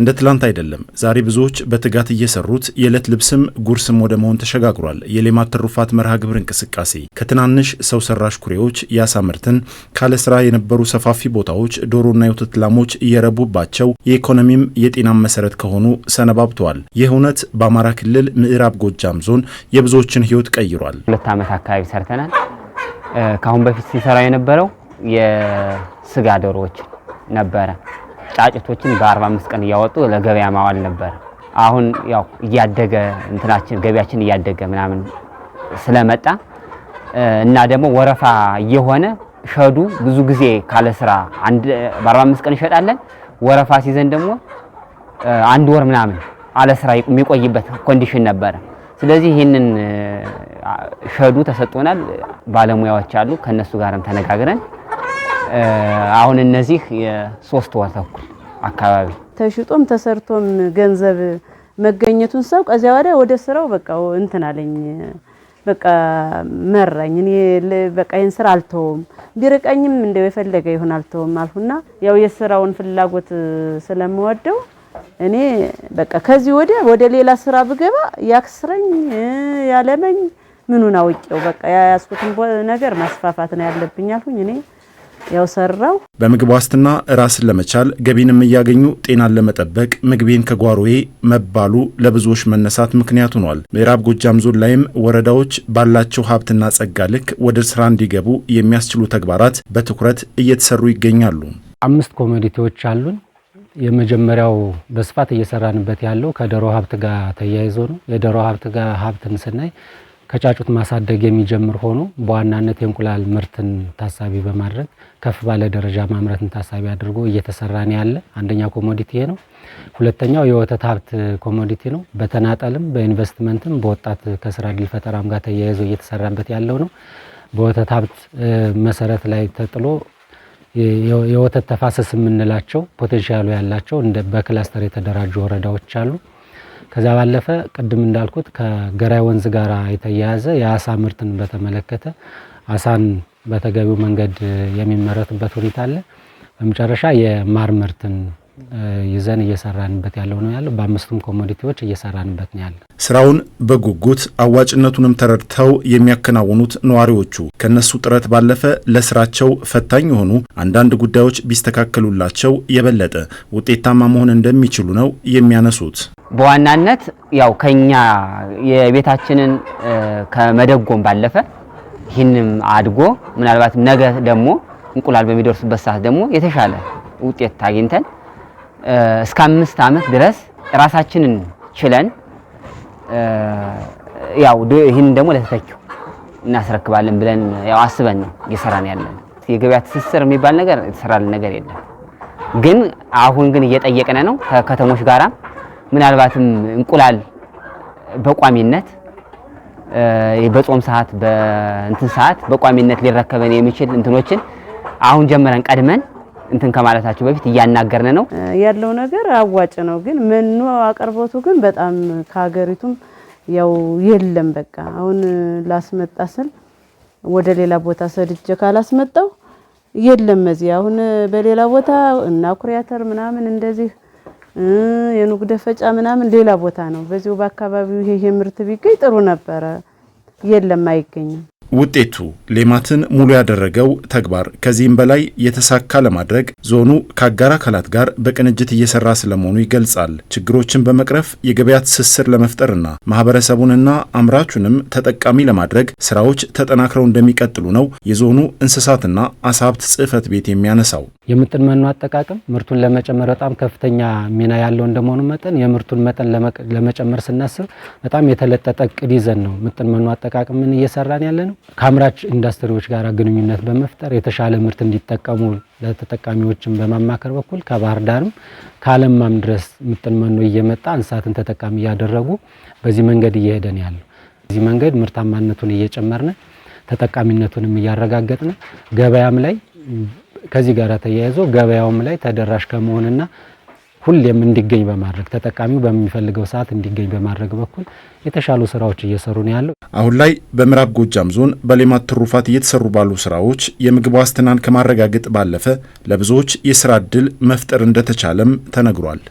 እንደ ትላንት አይደለም። ዛሬ ብዙዎች በትጋት እየሰሩት የዕለት ልብስም ጉርስም ወደ መሆን ተሸጋግሯል። የሌማት ትሩፋት መርሃ ግብር እንቅስቃሴ ከትናንሽ ሰው ሰራሽ ኩሬዎች የአሳ ምርትን ካለ ስራ የነበሩ ሰፋፊ ቦታዎች ዶሮና የወተት ላሞች እየረቡባቸው የኢኮኖሚም የጤናም መሰረት ከሆኑ ሰነባብተዋል። ይህ እውነት በአማራ ክልል ምዕራብ ጎጃም ዞን የብዙዎችን ህይወት ቀይሯል። ሁለት ዓመት አካባቢ ሰርተናል። ከአሁን በፊት ሲሰራ የነበረው የስጋ ዶሮዎች ነበረ ጫጭቶችን በ45 ቀን እያወጡ ለገበያ ማዋል ነበር። አሁን ያው እያደገ እንትናችን ገበያችን እያደገ ምናምን ስለመጣ እና ደግሞ ወረፋ እየሆነ ሸዱ ብዙ ጊዜ ካለ ስራ በ45 ቀን እንሸጣለን። ወረፋ ሲዘን ደግሞ አንድ ወር ምናምን አለ ስራ የሚቆይበት ኮንዲሽን ነበረ። ስለዚህ ይህንን ሸዱ ተሰጥቶናል። ባለሙያዎች አሉ። ከነሱ ጋርም ተነጋግረን አሁን እነዚህ የሶስት ወር ተኩል አካባቢ ተሽጦም ተሰርቶም ገንዘብ መገኘቱን ሰው ከዚያ ወዲያ ወደ ስራው በቃ እንትን አለኝ በቃ መራኝ። እኔ በቃ ይህን ስራ አልተውም፣ ቢርቀኝም እንደው የፈለገ ይሁን አልተውም አልሁና ያው የስራውን ፍላጎት ስለምወደው እኔ በቃ ከዚህ ወዲያ ወደ ሌላ ስራ ብገባ ያክስረኝ ያለመኝ ምኑን አውቄው በቃ ያያዝኩትን ነገር ማስፋፋት ነው ያለብኝ አልሁኝ እኔ ያው ሰራው። በምግብ ዋስትና ራስን ለመቻል ገቢንም እያገኙ ጤናን ለመጠበቅ ምግቤን ከጓሮዬ መባሉ ለብዙዎች መነሳት ምክንያት ሆኗል። ምዕራብ ጎጃም ዞን ላይም ወረዳዎች ባላቸው ሀብትና ጸጋ ልክ ወደ ስራ እንዲገቡ የሚያስችሉ ተግባራት በትኩረት እየተሰሩ ይገኛሉ። አምስት ኮሚኒቲዎች አሉን። የመጀመሪያው በስፋት እየሰራንበት ያለው ከደሮ ሀብት ጋር ተያይዞ ነው። የደሮ ሀብት ጋር ሀብትን ስናይ ከጫጩት ማሳደግ የሚጀምር ሆኖ በዋናነት የእንቁላል ምርትን ታሳቢ በማድረግ ከፍ ባለ ደረጃ ማምረትን ታሳቢ አድርጎ እየተሰራን ያለ። አንደኛ ኮሞዲቲ ነው። ሁለተኛው የወተት ሀብት ኮሞዲቲ ነው። በተናጠልም በኢንቨስትመንትም በወጣት ከስራ ድል ፈጠራም ጋር ተያይዞ እየተሰራበት ያለው ነው። በወተት ሀብት መሰረት ላይ ተጥሎ የወተት ተፋሰስ የምንላቸው ፖቴንሻሉ ያላቸው በክላስተር የተደራጁ ወረዳዎች አሉ። ከዛ ባለፈ ቅድም እንዳልኩት ከገራይ ወንዝ ጋር የተያያዘ የአሳ ምርትን በተመለከተ አሳን በተገቢው መንገድ የሚመረትበት ሁኔታ አለ። በመጨረሻ የማር ምርትን ይዘን እየሰራንበት ያለው ነው ያለው። በአምስቱም ኮሞዲቲዎች እየሰራንበት ነው ያለ። ስራውን በጉጉት አዋጭነቱንም ተረድተው የሚያከናውኑት ነዋሪዎቹ ከነሱ ጥረት ባለፈ ለስራቸው ፈታኝ የሆኑ አንዳንድ ጉዳዮች ቢስተካከሉላቸው የበለጠ ውጤታማ መሆን እንደሚችሉ ነው የሚያነሱት። በዋናነት ያው ከኛ የቤታችንን ከመደጎም ባለፈ ይህንም አድጎ ምናልባት ነገ ደግሞ እንቁላል በሚደርሱበት ሰዓት ደግሞ የተሻለ ውጤት አግኝተን እስከ አምስት ዓመት ድረስ ራሳችንን ችለን ያው ይህን ደግሞ ለተተኪው እናስረክባለን ብለን ያው አስበን ነው እየሰራን ያለን። የገበያ ትስስር የሚባል ነገር የተሰራልን ነገር የለም። ግን አሁን ግን እየጠየቅነ ነው ከከተሞች ጋራ ምናልባትም እንቁላል በቋሚነት በጾም ሰዓት በእንትን ሰዓት በቋሚነት ሊረከበን የሚችል እንትኖችን አሁን ጀምረን ቀድመን እንትን ከማለታችሁ በፊት እያናገርን ነው ያለው ነገር አዋጭ ነው። ግን መኖ አቅርቦቱ ግን በጣም ከሀገሪቱም ያው የለም። በቃ አሁን ላስመጣ ስል ወደ ሌላ ቦታ ሰድጀ ካላስመጣው የለም። እዚህ አሁን በሌላ ቦታ እና ኩሪያተር ምናምን እንደዚህ የኑግ ደፈጫ ምናምን ሌላ ቦታ ነው። በዚሁ በአካባቢው ይሄ ምርት ቢገኝ ጥሩ ነበረ። የለም፣ አይገኝም። ውጤቱ ሌማትን ሙሉ ያደረገው ተግባር ከዚህም በላይ የተሳካ ለማድረግ ዞኑ ከአጋር አካላት ጋር በቅንጅት እየሰራ ስለመሆኑ ይገልጻል። ችግሮችን በመቅረፍ የገበያ ትስስር ለመፍጠርና ማህበረሰቡንና አምራቹንም ተጠቃሚ ለማድረግ ስራዎች ተጠናክረው እንደሚቀጥሉ ነው የዞኑ እንስሳትና አሳ ሀብት ቤት የሚያነሳው። የምጥን መኖ አጠቃቀም ምርቱን ለመጨመር በጣም ከፍተኛ ሚና ያለው እንደመሆኑ መጠን የምርቱን መጠን ለመጨመር ስናስብ በጣም የተለጠጠ እቅድ ይዘን ነው ምጥን መኖ አጠቃቀምን እየሰራን ያለ ነው። ከአምራች ኢንዱስትሪዎች ጋር ግንኙነት በመፍጠር የተሻለ ምርት እንዲጠቀሙ ለተጠቃሚዎችን በማማከር በኩል ከባህር ዳርም ከአለማም ድረስ ምጥን መኖ እየመጣ እንስሳትን ተጠቃሚ እያደረጉ በዚህ መንገድ እየሄደን ያለው በዚህ መንገድ ምርታማነቱን እየጨመርን ተጠቃሚነቱንም እያረጋገጥን ገበያም ላይ ከዚህ ጋር ተያይዞ ገበያውም ላይ ተደራሽ ከመሆንና ሁሌም እንዲገኝ በማድረግ ተጠቃሚው በሚፈልገው ሰዓት እንዲገኝ በማድረግ በኩል የተሻሉ ስራዎች እየሰሩ ነው ያለው። አሁን ላይ በምዕራብ ጎጃም ዞን በሌማት ትሩፋት እየተሰሩ ባሉ ስራዎች የምግብ ዋስትናን ከማረጋገጥ ባለፈ ለብዙዎች የስራ እድል መፍጠር እንደተቻለም ተነግሯል።